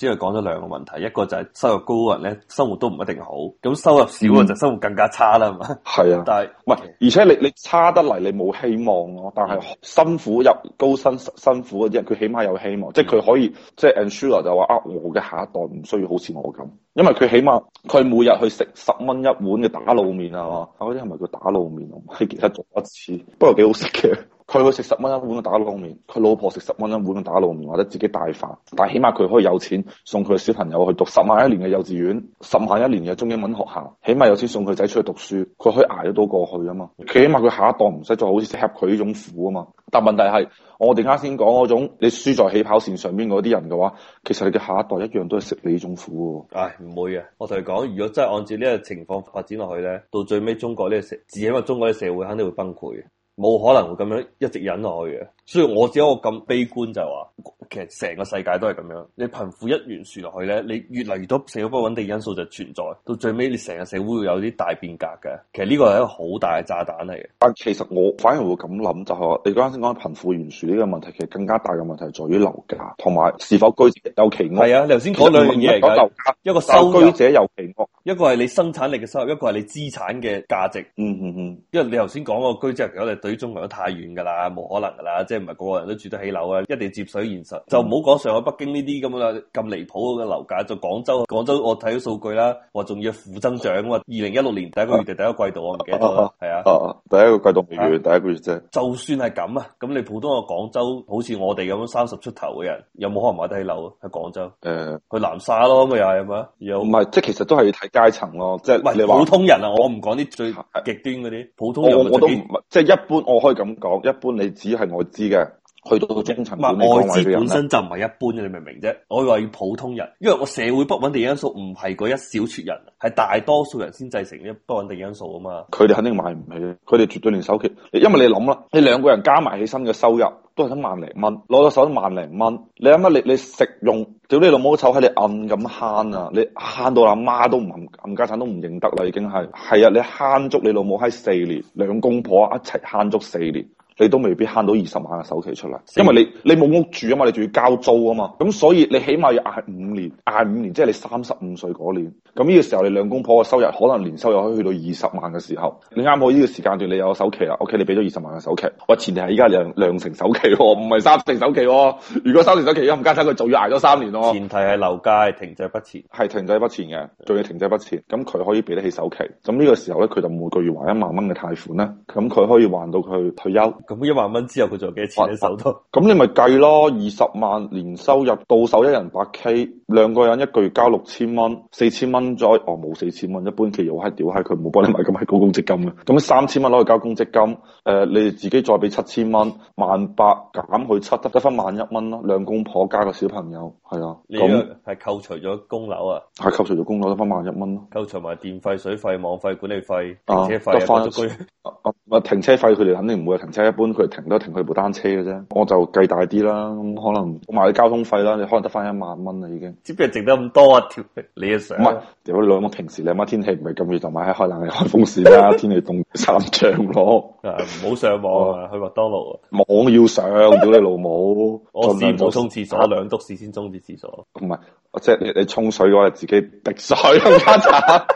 只係講咗兩個問題，一個就係收入高嘅人咧，生活都唔一定好；咁收入少嘅就生活更加差啦，係嘛、嗯？係啊，但係唔係？而且你你差得嚟，你冇希望咯。但係辛苦入高薪辛苦嗰啲人，佢起碼有希望，希望嗯、即係佢可以即係 ensure、嗯、就話啊，我嘅下一代唔需要好似我咁，因為佢起碼佢每日去食十蚊一碗嘅打滷麵啊嘛，嗰啲係咪叫打滷麵？我唔係記得做一次，不過幾好食嘅。佢去食十蚊一碗嘅打滷麵，佢老婆食十蚊一碗嘅打滷麵，或者自己帶飯，但係起碼佢可以有錢送佢嘅小朋友去讀十萬一年嘅幼稚園，十萬一年嘅中英文學校，起碼有錢送佢仔出去讀書，佢可以挨得到過去啊嘛。佢起碼佢下一代唔使再好似食佢呢種苦啊嘛。但問題係，我哋啱先講嗰種，你輸在起跑線上邊嗰啲人嘅話，其實你嘅下一代一樣都係食你呢種苦。唉，唔會嘅，我同你講，如果真係按照呢個情況發展落去咧，到最尾中國呢、這個社，至少中國呢個社會肯定會崩潰。冇可能會咁樣一直忍落去嘅，所以我只有一個咁悲觀，就係話。其實成個世界都係咁樣，你貧富一懸殊落去咧，你越嚟越多社會不穩定因素就存在，到最尾，你成個社會會有啲大變革嘅。其實呢個係一個好大嘅炸彈嚟嘅。但其實我反而會咁諗，就係、是、話你啱先講貧富懸殊呢個問題，其實更加大嘅問題在於樓價同埋是否居者有其屋。係啊，你頭先講兩樣嘢嚟嘅，樓價一個收入居者有其屋，一個係你生產力嘅收入，一個係你資產嘅價值。嗯嗯嗯，因為你頭先講個居者，其實我哋對於中國都太遠噶啦，冇可能噶啦，即係唔係個個人都住得起樓啊，一定接受現實。就唔好講上海、北京呢啲咁嘅咁離譜嘅樓價。就廣州，廣州我睇咗數據啦，話仲要負增長啊。二零一六年第一個月就第一個季度，我唔記得啦，係啊。哦，第一個季度未完，第一個月啫、就是。就算係咁啊，咁你普通個廣州，好似我哋咁三十出頭嘅人，有冇可能買得起樓喺廣州？誒、嗯，去南沙咯，咁又係嘛？又唔係？即係其實都係要睇階層咯，即、就、係、是。喂，普通人啊，我唔講啲最極端嗰啲普通人我。我我都唔，即、就、係、是、一般，我可以咁講，一般你只係我知嘅。去到中層，唔係外資本身就唔係一般，你明唔明啫？我以為普通人，因為我社會不穩定因素唔係嗰一小撮人，係大多數人先製成呢不穩定因素啊嘛。佢哋肯定買唔起，佢哋絕對連首期，因為你諗啦，你兩個人加埋起身嘅收入都係得萬零蚊，攞到手都萬零蚊，你諗下，你你食用，屌你老母丑，喺你暗咁慳啊！你慳到阿媽都唔，冚家產都唔認得啦，已經係係啊！你慳足你老母喺四年，兩公婆一齊慳足四年。你都未必慳到二十萬嘅首期出嚟。的因為你你冇屋住啊嘛，你仲要交租啊嘛，咁所以你起碼要捱五年，捱五年即係你三十五歲嗰年，咁呢個時候你兩公婆嘅收入可能年收入可以去到二十萬嘅時候，你啱好呢個時間段你有個首期啦，OK，你俾咗二十萬嘅首期，我前提係依家兩兩成首期喎，哦，唔係三成首期喎，哦，如果三成首期，哦，唔加薪佢仲要捱咗三年咯，哦。前提係樓價停滯不前，係停滯不前嘅，仲要停滯不前，咁佢可以俾得起首期，咁呢個時候咧，佢就每個月還一萬蚊嘅貸款啦，咁佢可以還到佢退休。咁一萬蚊之後佢仲有幾多少錢喺手度？咁、啊啊啊、你咪計咯，二十萬年收入到手一人八 K。兩個人一個月交六千蚊，四千蚊左右，哦冇四千蚊，一般企業我閪屌閪，佢冇幫你買咁閪高公積金嘅，咁三千蚊攞去交公積金，誒、呃，你自己再俾七千蚊，萬八減去七，得翻萬一蚊咯。兩公婆加個小朋友，係啊，咁係扣除咗供樓啊，係扣除咗供樓得翻萬一蚊咯，扣除埋電費、水費、網費、管理費、停車費，啊，停車費佢哋肯定唔會停車，一般佢哋停都停佢部單車嘅啫，我就計大啲啦，咁可能買埋啲交通費啦，你可能得翻一萬蚊啦已經。點解剩得咁多啊？條你嘅相唔係屌你老母！平時你阿媽天氣唔係咁熱，同埋開冷氣開風扇啦。天氣凍三張咯，唔好、 啊、上網啊！去麥當勞，網要上屌你老母！我先唔好沖廁所，兩篤屎先沖啲廁所。唔係，即係你沖水嘅話，自己滴水咁茶！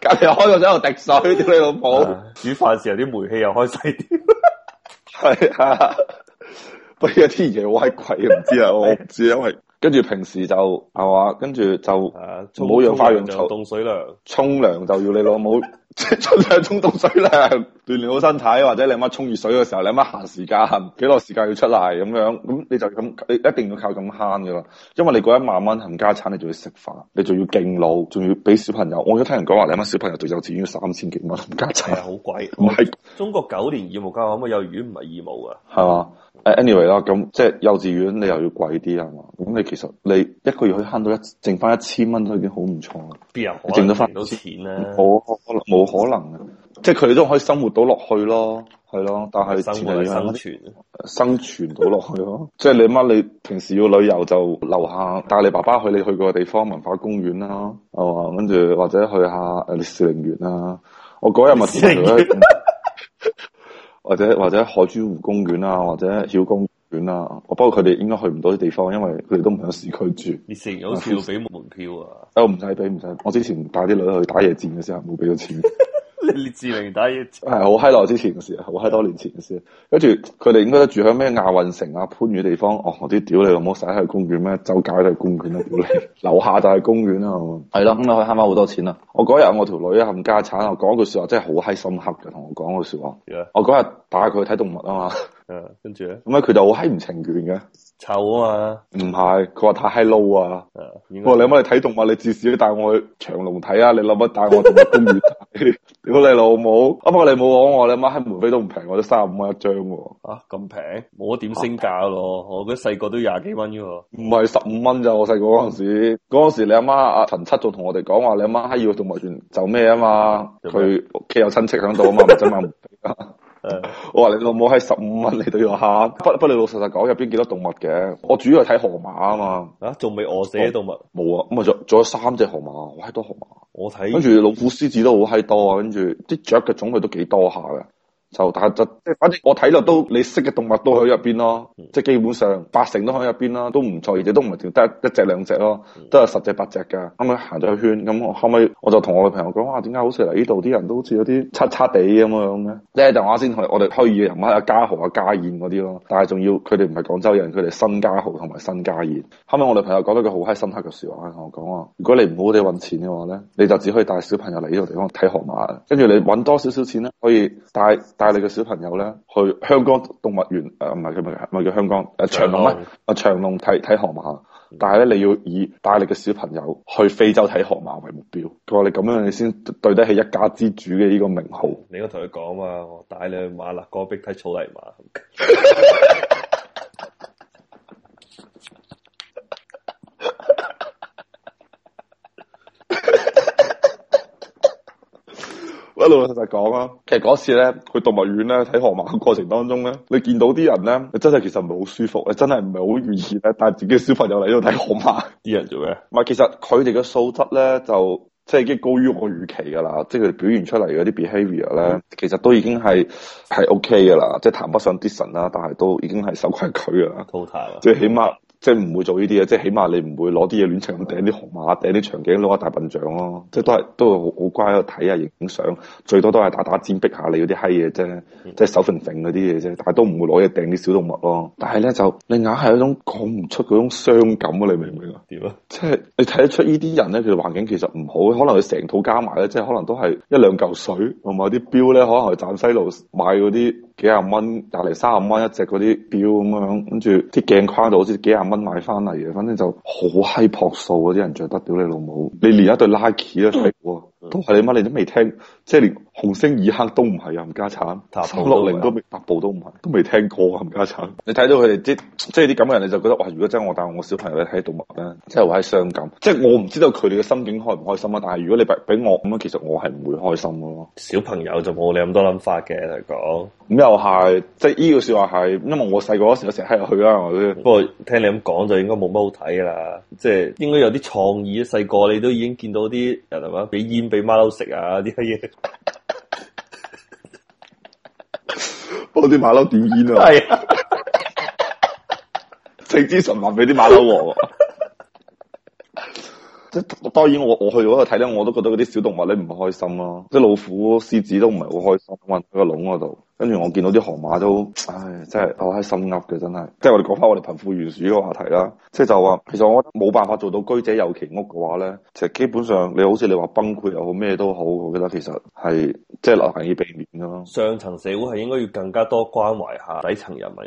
隔籬 又開個水度滴水，屌你老母、 啊！煮飯時有啲煤氣又開細，係 啊！ 不過啲嘢歪鬼唔知啊，我唔知！ 因為。跟住平時就係話，跟住就冇養、啊、花養草，凍水涼，沖涼就要你老母即係沖涼沖凍水涼，鍛鍊好身體，或者你媽沖熱水嘅時候，你媽閒時間幾耐時間要出嚟咁樣，咁你就咁，你一定要靠咁慳㗎啦。因為你嗰一萬蚊冚家產，你仲要食飯，你仲要敬老，仲要俾小朋友。我而家聽人講話，你媽小朋友讀幼稚園要三千幾蚊冚家產，係好貴。唔係、哎、 中國九年以幼園義務教育，咁、anyway, 啊 anyway, 即幼稚園唔係義務嘅，係嘛？誒，anyway 啦，咁即係幼稚園你又要貴啲係嘛？咁不清、嗯、你。其實你一個月可以慳到一，剩翻一千蚊都已經好唔錯啦。邊有可能剩到翻到錢咧？冇可能冇可能，可能即係佢哋都可以生活到落去咯，係咯。但係生活生存生存到落去咯。即係你媽？你平時要旅遊就留下帶你爸爸去你去過嘅地方，文化公園啦，係嘛？跟住或者去下烈士陵園啦。我嗰日咪烈或者或者海珠湖公園啊，或者曉公。遠啦，我包括不過佢哋應該去唔到啲地方，因為佢哋都唔喺市區住。你成日好似要俾門票啊？誒、哦，我唔使俾，唔使俾。我之前帶啲女去打野戰嘅時候冇俾咗錢。 列治靈打嘢，係好閪耐之前嘅事，好閪多年前嘅事。跟住佢哋應該都住喺咩亞運城啊、番禺地方。哦，我啲屌你，唔好使去公園咩？周街都係公園啊，屌你，樓下就係公園啊，係嘛，係咯。咁啊，佢慳翻好多錢啊。我嗰日我條女啊，冚家產啊，講句說話真係好閪深刻嘅，同我講句說話。我嗰日打佢去睇動物啊嘛，誒，跟住咧，咁咧佢就好閪唔情願嘅。臭啊嘛！唔係，佢話太嗨撈啊！我你有乜你睇動物？你至少帶我去長隆睇啊！你諗乜帶我動物公園？ 屌你老母！啊、不過你冇講我，你阿媽喺門飛都唔平，我都三十五蚊一張噶喎！咁平冇一點升價咯、啊！我覺得細個都廿幾蚊噶喎！唔係十五蚊咋？我細個嗰陣時，嗰陣時你阿媽阿陳七仲同我哋講話，你阿媽要動物園就咩啊嘛？佢屋企有親戚響度嘛？真係唔平啊！啊 嗯、我話你老母係十五蚊，你都要慳不不？不你老老實實講，入邊幾多動物嘅？我主要係睇河馬啊嘛，啊仲未餓死啲動物？冇啊、哦，咁啊仲仲有三隻河馬，好閪多河馬，我睇。跟住老虎、獅子都好閪多啊，跟住啲雀嘅種類都幾多下嘅。就但係即係反正我睇落都你識嘅動物都喺入邊咯，即係基本上八成都喺入邊咯，都唔錯，而且都唔係淨得一隻兩隻咯，都係十隻八隻噶。咁啊、嗯、行咗一圈，咁、嗯、我後尾我就同我女朋友講：哇，點解好似嚟呢度啲人都好似有啲叉叉地咁樣咧？呢一陣我先同我哋虛擬嘅人物係阿嘉豪阿嘉燕嗰啲咯，但係仲要佢哋唔係廣州人，佢哋新嘉豪同埋新嘉燕。後尾我女朋友講到佢好閪深刻嘅說話，同我講話：如果你唔好哋搵錢嘅話咧，你就只可以帶小朋友嚟呢度地方睇河馬，跟住你搵多少少錢咧，可以帶。帶你嘅小朋友咧，去香港動物園，誒，唔係，佢唔係叫香港，誒、啊、長隆咧，誒、啊、長隆睇睇河馬，但係咧、嗯、你要以帶你嘅小朋友去非洲睇河馬為目標，佢話你咁樣，你先對得起一家之主嘅呢個名號。你應該同佢講啊，我帶你去馬勒戈壁睇草泥馬。 一路老實講啦，其實嗰次咧去動物園咧睇河馬嘅過程當中咧，你見到啲人咧，真係其實唔係好舒服，真係唔係好願意咧，帶自己嘅小朋友嚟呢度睇河馬啲人做咩？唔係，其實佢哋嘅素質咧就即係已經高於我預期噶啦，即係佢哋表現出嚟嗰啲 behaviour 咧、嗯，其實都已經係係 OK 噶啦，即係談不上 decent 啦，但係都已經係守規矩噶啦，高態啦，最起碼。即係唔會做呢啲嘢，即係起碼你唔會攞啲嘢亂扯咁掟啲河馬掟啲長頸鹿大笨象咯、啊，即係都係都係好好乖喺度睇下影相，最多都係打打尖逼下你嗰啲閪嘢啫，嗯、即係手份揈嗰啲嘢啫，但係都唔會攞嘢掟啲小動物咯、啊。但係咧就你硬係有種講唔出嗰種傷感啊，你明唔明啊？點啊？即係你睇得出呢啲人咧，佢嘅環境其實唔好，可能佢成套加埋咧，即係可能都係一兩嚿水，同埋啲表咧，可能係站西路買嗰啲幾廿蚊、隔籬卅蚊一隻嗰啲表咁樣，跟住啲鏡框都好似幾廿蚊買翻嚟嘅，反正就好閪樸素啊！啲人着得屌你老母， 你連一對 Nike 都細喎。 都係你媽，你都未聽，即係連紅星爾克都唔係啊，冚家鏟，啊、三六零都八部都唔係，都未聽過啊，冚家鏟。你睇到佢哋啲，即係啲咁嘅人，你就覺得哇，如果真係我帶我小朋友咧睇動物咧，即係會係傷感。即係我唔知道佢哋嘅心境開唔開心啊。但係如果你俾我咁樣，其實我係唔會開心咯。小朋友就冇你咁多諗法嘅嚟講，咁又係，即係呢個說話係，因為我細個嗰時候我成日喺入去啦，我不過聽你咁講就應該冇乜好睇啦。即係應該有啲創意，細個你都已經見到啲人係嘛俾俾馬騮食啊啲乜嘢？幫啲馬騮點煙啊！係、 啊，成支 神話俾啲馬騮王。即 當然我，我我去嗰度睇咧，我都覺得嗰啲小動物咧唔開心咯、啊。即係老虎、獅子都唔係好開心，困喺個籠嗰度。跟住我見到啲河馬都，唉，真係我喺心噏嘅，真係。即係我哋講翻我哋貧富懸殊個話題啦。即係就話，其實我冇辦法做到居者有其屋嘅話咧，其實基本上你好似你話崩潰又好咩都好，我覺得其實係即係難以避免咯。上層社會係應該要更加多關懷下底層人民。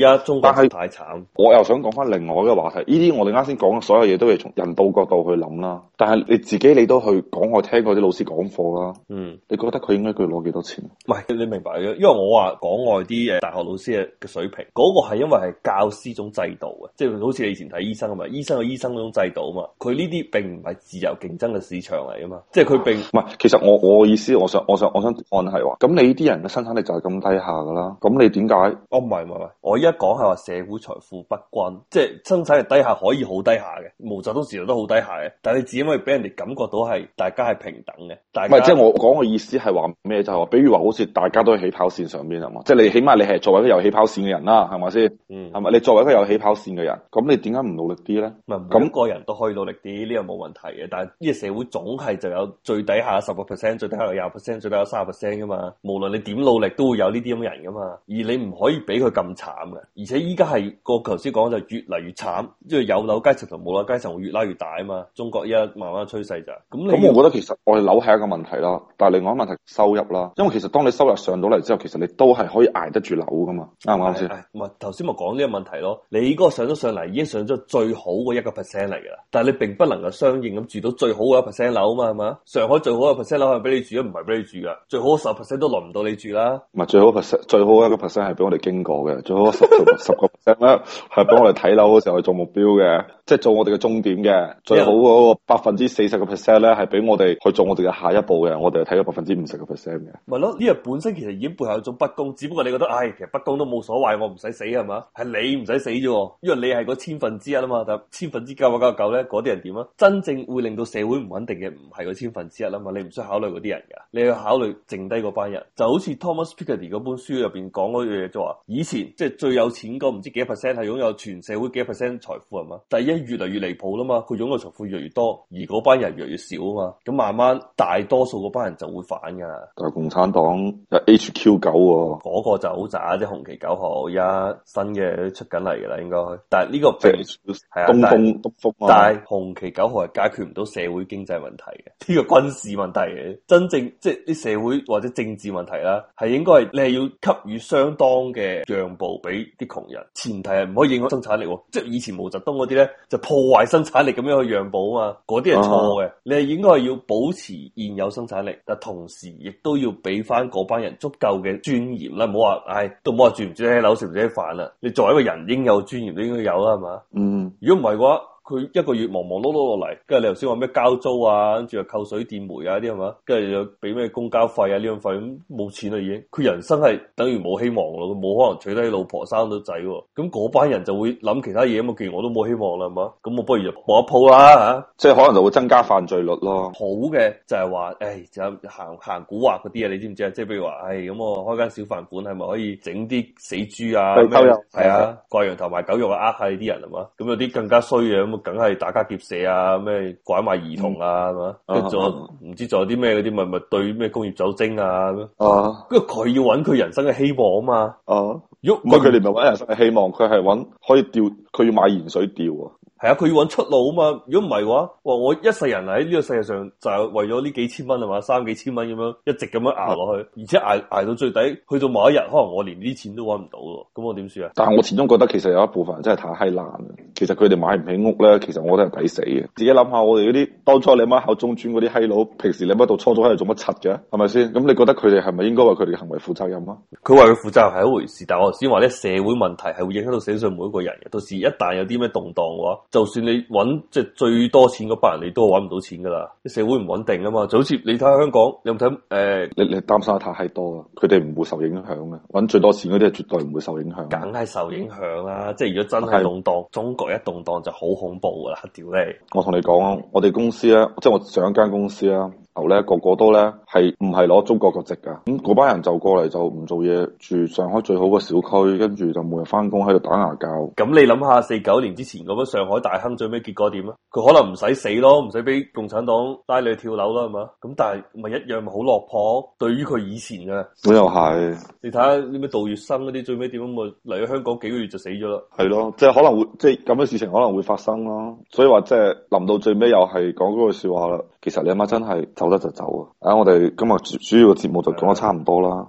而家中國但係太慘但。我又想講翻另外一個話題。呢啲我哋啱先講嘅所有嘢都係從人道角度去諗啦。但係你自己你都去講我聽過啲老師講課啦。嗯、嗯，你覺得佢應該佢攞幾多錢？唔係你明白嘅，因為因為我話講外啲誒大學老師嘅嘅水平，嗰個係因為係教師種制度啊，即係好似你以前睇醫生咁啊，醫生有醫生嗰種制度啊嘛，佢呢啲並唔係自由競爭嘅市場嚟啊嘛，即係佢並唔係。其實我我嘅意思，我想我想我想按係話，咁你呢啲人嘅生產力就係咁低下噶啦，咁你點解？哦，唔係唔係，我依家講係話社會財富不均，即係生產力低下可以好低下嘅，毛澤東時代都好低下嘅，但係你只因為俾人哋感覺到係大家係平等嘅，唔係即係我講嘅意思係話咩就係話，比如話好似大家都係起跑線上邊係嘛？即係你起碼你係作為一個有起跑線嘅人啦，係咪先？嗯，係咪？你作為一個有起跑線嘅人，咁你點解唔努力啲咧？咁個人都可以努力啲，呢個冇問題嘅。但係呢個社會總係就有最底下十個 percent，最底下有廿 percent，最底下三十 percent 㗎嘛。無論你點努力，都會有呢啲咁嘅人㗎嘛。而你唔可以俾佢咁慘嘅。而且依家係個頭先講就越嚟越慘，因為有樓階層同冇樓階層會越拉越大啊嘛。中國依家慢慢嘅趨勢就係咁。咁我覺得其實我哋樓係一個問題啦，但係另外一個問題收入啦。因為其實當你收入上到嚟之後，其實你都係可以捱得住樓噶嘛，啱唔啱先？唔係、哎，頭先咪講呢個問題咯。你嗰個上咗上嚟，已經上咗最好嘅一個 percent 嚟噶啦。但係你並不能夠相應咁住到最好嘅一個 percent 樓啊嘛，係嘛？上海最好嘅 percent 樓係俾你住，唔係俾你住噶。最好十 percent 都輪唔到你住啦。唔係最好 percent，最好一個 percent 係俾我哋經過嘅。最好十十個 percent 咧，係俾我哋睇 樓嘅時候去做目標嘅。即係做我哋嘅終點嘅，最好嗰個百分之四十嘅 percent 咧，係俾我哋去做我哋嘅下一步嘅。我哋係睇咗百分之五十嘅 percent 嘅。咪咯，呢個本身其實已經背後有種不公，只不過你覺得，唉、哎，其實不公都冇所謂，我唔使死係嘛？係你唔使死啫，因為你係嗰千分之一啊嘛，但千分之九九九咧，嗰啲人點啊？真正會令到社會唔穩定嘅，唔係嗰千分之一啊嘛，你唔需要考慮嗰啲人㗎，你要考慮剩低嗰班人。就好似 Thomas Piketty 嗰本書入邊講嗰樣嘢，就話以前即係最有錢嗰唔知幾多 percent 係擁有全社會幾多 percent 財富係嘛？第一。越嚟越離譜啦嘛，佢擁有財富越嚟越多，而嗰班人越嚟越少啊嘛，咁慢慢大多數嗰班人就會反噶。但係共產黨，就 HQ 九嗰、啊、個就好渣，啲紅旗九號而家新嘅，出緊嚟噶啦，應該。但係呢、這個係東風東，東風、啊。但係、啊、紅旗九號係解決唔到社會經濟問題嘅，呢、這個軍事問題嘅， 真正即係啲社會或者政治問題啦，係應該你係要給予相當嘅讓步俾啲窮人，前提係唔可以影響生產力。即、就、係、是，以前毛澤東嗰啲咧。就破壞生產力咁樣去讓步啊，嗰啲係錯嘅。你係應該係要保持現有生產力，但同時亦都要俾翻嗰班人足夠嘅尊嚴啦，唔好話唉，都唔好話住唔住喺樓食唔食喺飯啦。你作為一個人應有尊嚴都應該有啦，係嘛？嗯，如果唔係嘅話。佢一個月忙忙碌碌落嚟，跟住你頭先話咩交租啊，跟住又扣水電煤啊啲係嘛，跟住又俾咩公交費啊呢樣費，咁冇錢啦已經。佢人生係等於冇希望咯，冇可能娶得老婆生到仔、啊。咁嗰班人就會諗其他嘢，既然我都冇希望啦，係嘛，咁我不如就搏一鋪啦吓，即、啊、係可能就會增加犯罪率咯。好嘅就係、是、話，誒、哎、就行行古惑嗰啲啊，你知唔知啊？即係譬如話，誒、哎、咁我開間小飯館係咪可以整啲死豬啊？係啊，掛羊頭賣狗肉啊，呃下啲人係嘛？咁有啲更加衰嘅咁。梗係打家劫舍啊，咩拐賣兒童啊，咁、嗯、有啊，跟住唔知仲有啲咩嗰啲，咪咪對咩工業酒精啊，咁樣啊，跟住佢要揾佢人生嘅希望啊嘛，啊，喐果，唔係佢哋唔係揾人生嘅希望，佢係揾可以吊，佢要買鹽水吊啊。係啊，佢要揾出路啊嘛。如果唔係嘅話，哇，我一世人啊喺呢個世界上就係為咗呢幾千蚊啊嘛，三幾千蚊咁樣一直咁樣捱落去，啊、而且捱捱到最底，去到某一日可能我連呢啲錢都揾唔到，咁我點算啊？但係我始終覺得其實有一部分人真係太閪難啊。其實佢哋買唔起屋咧，其實我都係抵死嘅。自己諗下，我哋嗰啲當初你媽考中專嗰啲閪佬，平時你媽到初中喺度做乜柒嘅？係咪先？咁你覺得佢哋係咪應該為佢哋嘅行為負責任啊？佢話佢負責任係一回事，但係我頭先話咧，社會問題係會影響到社會每一個人嘅。到時一旦有啲咩動蕩嘅話，就算你揾即係最多錢嗰班人，你都揾唔到錢噶啦！社會唔穩定啊嘛，就好似你睇香港，你唔睇？誒、呃，你你擔心得太太多啦。佢哋唔會受影響嘅，揾最多錢嗰啲係絕對唔會受影響。梗係受影響啦！即係如果真係動盪，是中國一動盪就好恐怖噶啦！屌你！我同你講，我哋公司咧，即係我上一間公司啦。咧個個都咧係唔係攞中國國籍噶？咁嗰班人就過嚟就唔做嘢，住上海最好嘅小區，跟住就每日翻工喺度打牙鉸。咁你諗下，四九年之前嗰班上海大亨最尾結果點啊？佢可能唔使死咯，唔使俾共產黨拉你去跳樓啦，係嘛？咁但係咪一樣咪好落魄？對於佢以前嘅，咁又係是。你睇下啲咩杜月笙嗰啲最尾點啊？嚟咗香港幾個月就死咗啦。係咯，即係可能會，即係咁嘅事情可能會發生咯。所以話即係臨到最尾又係講嗰句笑話啦。其實你阿媽真係走得就走啊！啊，我哋今日主要嘅節目就講得差唔多啦。